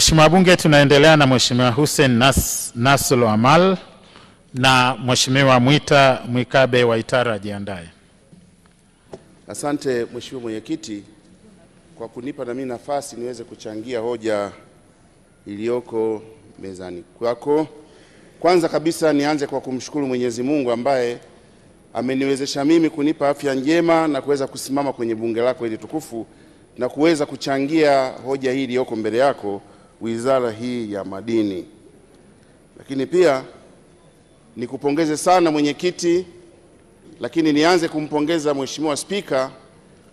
Mheshimiwa Bunge, tunaendelea na Mheshimiwa Hussein Nas, Amal na Mheshimiwa Mwita Mwikabe Waitara ajiandaye. Asante Mheshimiwa Mwenyekiti kwa kunipa na mimi nafasi niweze kuchangia hoja iliyoko mezani kwako. Kwanza kabisa nianze kwa kumshukuru Mwenyezi Mungu ambaye ameniwezesha mimi kunipa afya njema na kuweza kusimama kwenye bunge lako hili tukufu na kuweza kuchangia hoja hii iliyoko mbele yako wizara hii ya madini. Lakini pia nikupongeze sana mwenyekiti, lakini nianze kumpongeza Mheshimiwa Spika,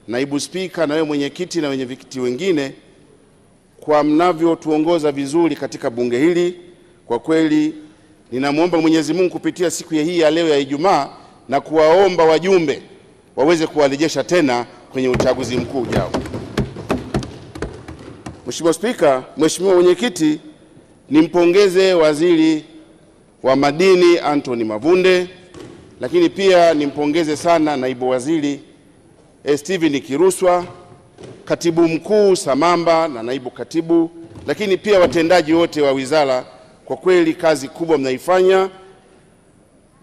naibu spika, na wewe mwenyekiti na wenye vikiti wengine kwa mnavyotuongoza vizuri katika bunge hili. Kwa kweli ninamwomba Mwenyezi Mungu kupitia siku ya hii ya leo ya Ijumaa na kuwaomba wajumbe waweze kuwarejesha tena kwenye uchaguzi mkuu ujao. Mheshimiwa Spika, Mheshimiwa Mwenyekiti, nimpongeze Waziri wa Madini Anthony Mavunde, lakini pia nimpongeze sana Naibu Waziri Steven Kiruswa, Katibu Mkuu Samamba na Naibu Katibu, lakini pia watendaji wote wa wizara. Kwa kweli kazi kubwa mnaifanya.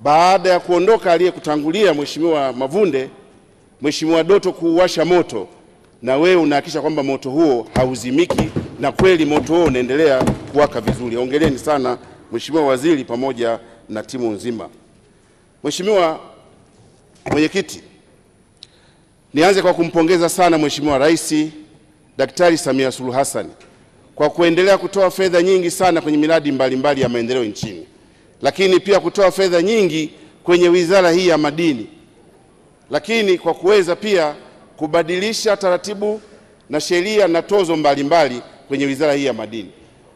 Baada ya kuondoka aliyekutangulia Mheshimiwa Mavunde, Mheshimiwa Doto kuuwasha moto na wewe unahakikisha kwamba moto huo hauzimiki na kweli moto huo unaendelea kuwaka vizuri. Ongeleni sana Mheshimiwa Waziri pamoja na timu nzima. Mheshimiwa Mwenyekiti, nianze kwa kumpongeza sana Mheshimiwa Rais Daktari Samia Suluhu Hassan kwa kuendelea kutoa fedha nyingi sana kwenye miradi mbalimbali mbali ya maendeleo nchini, lakini pia kutoa fedha nyingi kwenye wizara hii ya madini, lakini kwa kuweza pia kubadilisha taratibu na sheria na tozo mbalimbali mbali kwenye wizara hii ya madini.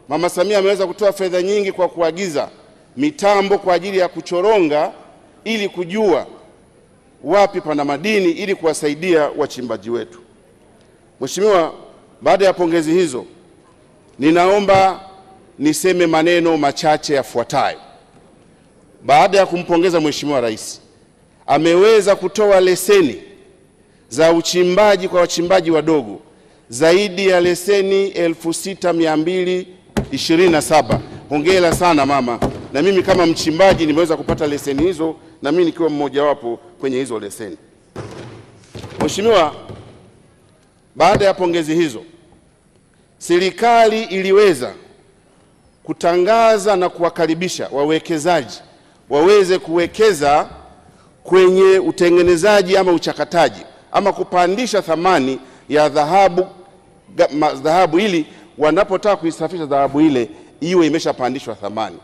Mama Samia ameweza kutoa fedha nyingi kwa kuagiza mitambo kwa ajili ya kuchoronga ili kujua wapi pana madini ili kuwasaidia wachimbaji wetu. Mheshimiwa, baada ya pongezi hizo, ninaomba niseme maneno machache yafuatayo. Baada ya kumpongeza Mheshimiwa Rais, ameweza kutoa leseni za uchimbaji kwa wachimbaji wadogo zaidi ya leseni 6227. Hongera sana mama, na mimi kama mchimbaji nimeweza kupata leseni hizo, na mimi nikiwa mmojawapo kwenye hizo leseni. Mheshimiwa, baada ya pongezi hizo, serikali iliweza kutangaza na kuwakaribisha wawekezaji waweze kuwekeza kwenye utengenezaji ama uchakataji ama kupandisha thamani ya dhahabu, dhahabu ili wanapotaka kuisafisha dhahabu ile iwe imeshapandishwa thamani.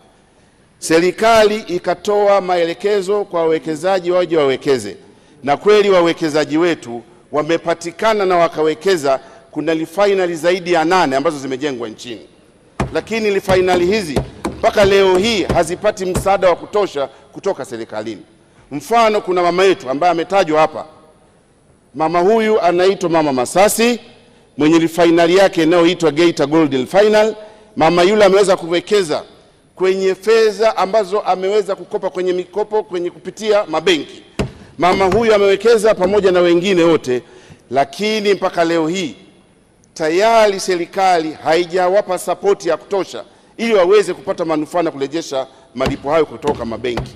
Serikali ikatoa maelekezo kwa wawekezaji waje wawekeze, na kweli wawekezaji wetu wamepatikana na wakawekeza. Kuna lifainali zaidi ya nane ambazo zimejengwa nchini, lakini lifainali hizi mpaka leo hii hazipati msaada wa kutosha kutoka serikalini. Mfano, kuna mama yetu ambaye ametajwa hapa Mama huyu anaitwa Mama Masasi, mwenye fainali yake inayoitwa Geita Gold Final. Mama yule ameweza kuwekeza kwenye fedha ambazo ameweza kukopa kwenye mikopo kwenye kupitia mabenki. Mama huyu amewekeza pamoja na wengine wote, lakini mpaka leo hii tayari serikali haijawapa sapoti ya kutosha ili waweze kupata manufaa na kurejesha malipo hayo kutoka mabenki.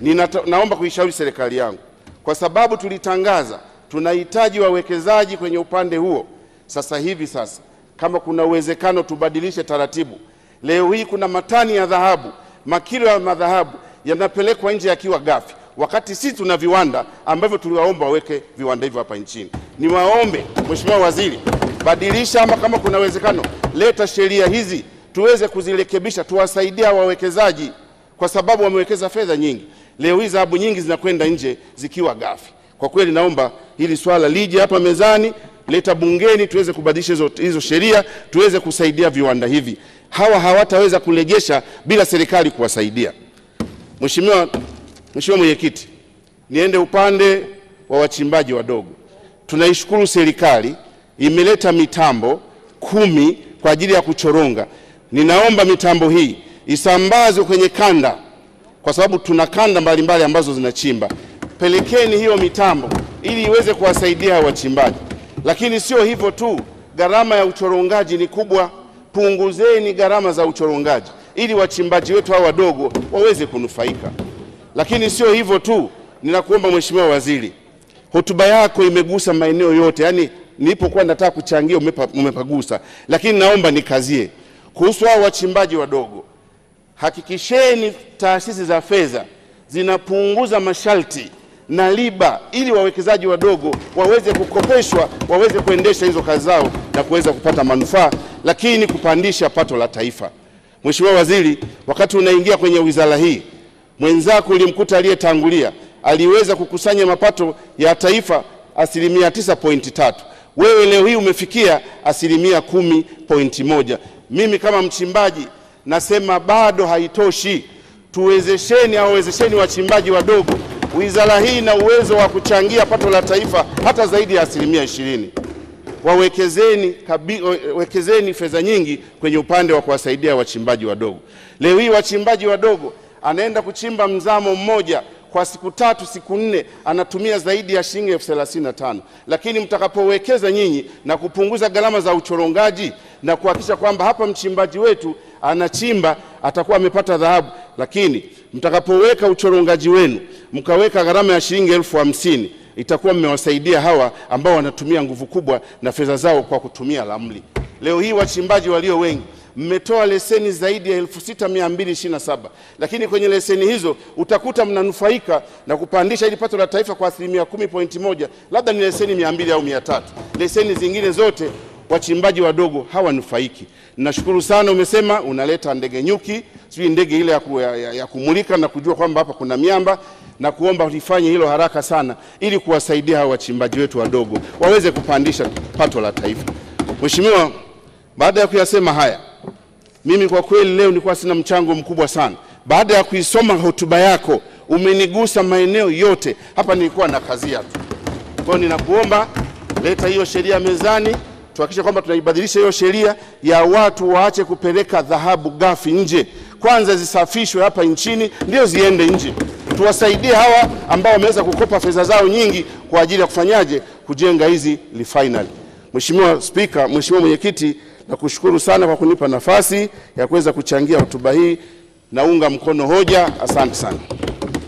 Ninaomba kuishauri serikali yangu kwa sababu tulitangaza tunahitaji wawekezaji kwenye upande huo sasa hivi. Sasa kama kuna uwezekano tubadilishe taratibu. Leo hii kuna matani ya dhahabu, makilo ya madhahabu yanapelekwa nje yakiwa ghafi, wakati sisi tuna viwanda ambavyo tuliwaomba waweke viwanda hivyo hapa nchini. Niwaombe Mheshimiwa Waziri, badilisha ama kama kuna uwezekano leta sheria hizi tuweze kuzirekebisha, tuwasaidia wawekezaji kwa sababu wamewekeza fedha nyingi. Leo hii dhahabu nyingi zinakwenda nje zikiwa ghafi. Kwa kweli naomba hili swala lije hapa mezani, leta bungeni tuweze kubadilisha hizo sheria, tuweze kusaidia viwanda hivi. Hawa hawataweza kulegesha bila serikali kuwasaidia. Mheshimiwa, Mheshimiwa Mwenyekiti, niende upande wa wachimbaji wadogo. Tunaishukuru serikali imeleta mitambo kumi kwa ajili ya kuchoronga. Ninaomba mitambo hii isambazwe kwenye kanda, kwa sababu tuna kanda mbalimbali mbali ambazo zinachimba pelekeni hiyo mitambo ili iweze kuwasaidia wachimbaji. Lakini sio hivyo tu, gharama ya uchorongaji ni kubwa. Punguzeni gharama za uchorongaji ili wachimbaji wetu hao wadogo waweze kunufaika. Lakini sio hivyo tu, ninakuomba Mheshimiwa Waziri, hotuba yako imegusa maeneo yote, yaani nilipokuwa nataka kuchangia umepagusa, lakini naomba nikazie kuhusu hao wachimbaji wadogo. Hakikisheni taasisi za fedha zinapunguza masharti na riba ili wawekezaji wadogo waweze kukopeshwa waweze kuendesha hizo kazi zao na kuweza kupata manufaa, lakini kupandisha pato la taifa. Mheshimiwa Waziri, wakati unaingia kwenye wizara hii, mwenzako ulimkuta aliyetangulia aliweza kukusanya mapato ya taifa asilimia tatu. Wewe leo hii umefikia asilimia moja. Mimi kama mchimbaji nasema bado haitoshi. Tuwezesheni au wezesheni wachimbaji wadogo wizara hii ina uwezo wa kuchangia pato la taifa hata zaidi ya asilimia ishirini. Wawekezeni, wekezeni fedha nyingi kwenye upande wa kuwasaidia wachimbaji wadogo. Leo hii wachimbaji wadogo anaenda kuchimba mzamo mmoja kwa siku tatu siku nne anatumia zaidi ya shilingi elfu thelathini na tano lakini mtakapowekeza nyinyi na kupunguza gharama za uchorongaji na kuhakikisha kwamba hapa mchimbaji wetu anachimba atakuwa amepata dhahabu, lakini mtakapoweka uchorongaji wenu mkaweka gharama ya shilingi elfu hamsini itakuwa mmewasaidia hawa ambao wanatumia nguvu kubwa na fedha zao kwa kutumia ramli. Leo hii wachimbaji walio wengi mmetoa leseni zaidi ya elfu sita mia saba lakini kwenye leseni hizo utakuta mnanufaika na kupandisha ili pato la taifa kwa asilimia moja labda ni leseni mia mbili au mia tatu Leseni zingine zote wachimbaji wadogo hawanufaiki. Nashukuru sana, umesema unaleta ndege nyuki, sijui ndege ile ya, ku, ya, ya kumulika na kujua kwamba hapa kuna miamba, na kuomba lifanye hilo haraka sana, ili kuwasaidia hawa wachimbaji wetu wadogo waweze kupandisha pato la taifa. Mheshimiwa, baada ya kuyasema haya, mimi kwa kweli leo nilikuwa sina mchango mkubwa sana. Baada ya kuisoma hotuba yako, umenigusa maeneo yote. Hapa nilikuwa na kazia tu. Kwa hiyo ninakuomba leta hiyo sheria mezani tuhakikishe kwamba tunaibadilisha hiyo sheria ya watu waache kupeleka dhahabu ghafi nje. Kwanza zisafishwe hapa nchini, ndio ziende nje. Tuwasaidie hawa ambao wameweza kukopa fedha zao nyingi kwa ajili ya kufanyaje, kujenga hizi refinery. Mheshimiwa Spika, Mheshimiwa Mwenyekiti, nakushukuru sana kwa kunipa nafasi ya kuweza kuchangia hotuba hii. Naunga mkono hoja. Asante sana.